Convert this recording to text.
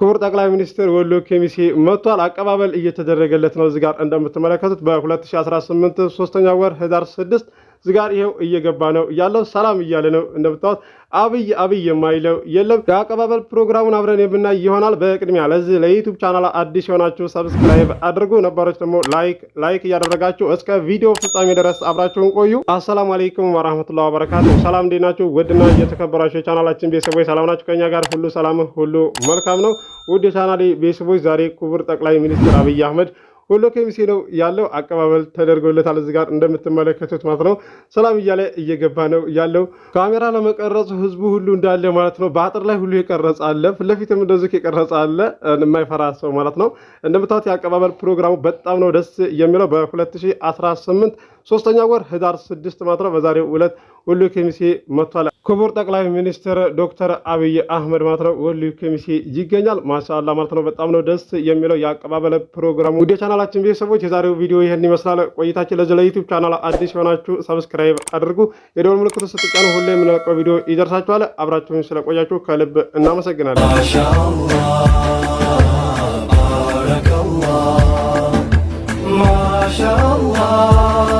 ክቡር ጠቅላይ ሚኒስትር ወሎ ኬሚሴ መጥቷል። አቀባበል እየተደረገለት ነው። እዚህ ጋር እንደምትመለከቱት በ2018 ሶስተኛ ወር ህዳር 6 እዚ ጋር ይኸው እየገባ ነው ያለው። ሰላም እያለ ነው እንደምታወት አብይ አብይ የማይለው የለም። የአቀባበል ፕሮግራሙን አብረን የምናይ ይሆናል። በቅድሚያ ለዚህ ለዩቱብ ቻናል አዲስ የሆናችሁ ሰብስክራይብ አድርጉ፣ ነባሮች ደግሞ ላይክ ላይክ እያደረጋችሁ እስከ ቪዲዮ ፍጻሜ ድረስ አብራችሁን ቆዩ። አሰላሙ አለይኩም ወራህመቱላ ወበረካቱ። ሰላም እንዴት ናችሁ? ውድና እየተከበራችሁ የቻናላችን ቤተሰቦች ሰላም ናችሁ? ከኛ ጋር ሁሉ ሰላም ሁሉ መልካም ነው። ውድ የቻናሌ ቤተሰቦች ዛሬ ክቡር ጠቅላይ ሚኒስትር አብይ አህመድ ወሎ ኬሚሴ ነው ያለው። አቀባበል ተደርጎለታል። እዚህ ጋር እንደምትመለከቱት ማለት ነው። ሰላም እያለ እየገባ ነው ያለው። ካሜራ ለመቀረጽ ህዝቡ ሁሉ እንዳለ ማለት ነው። በአጥር ላይ ሁሉ የቀረጸ አለ፣ ፊት ለፊትም እንደዚህ የቀረጸ አለ። የማይፈራ ሰው ማለት ነው። እንደምታዩት የአቀባበል ፕሮግራሙ በጣም ነው ደስ የሚለው በ2018 ሶስተኛ ወር ህዳር ስድስት ማለት ነው። በዛሬው ዕለት ወሎ ከሚሴ መጥቷል። ክቡር ጠቅላይ ሚኒስትር ዶክተር አብይ አህመድ ማለት ነው ወሎ ከሚሴ ይገኛል። ማሻላ ማለት ነው። በጣም ነው ደስ የሚለው የአቀባበለ ፕሮግራሙ። ውድ ቻናላችን ቤተሰቦች የዛሬው ቪዲዮ ይህን ይመስላል። ቆይታችን ለዚህ ለዩቱብ ቻናል አዲስ የሆናችሁ ሰብስክራይብ አድርጉ። የደወል ምልክቱ ስትጫኑ ሁሌ የምንለቀው ቪዲዮ ይደርሳችኋል። አብራችሁን ስለቆያችሁ ከልብ እናመሰግናለን። ማሻአላህ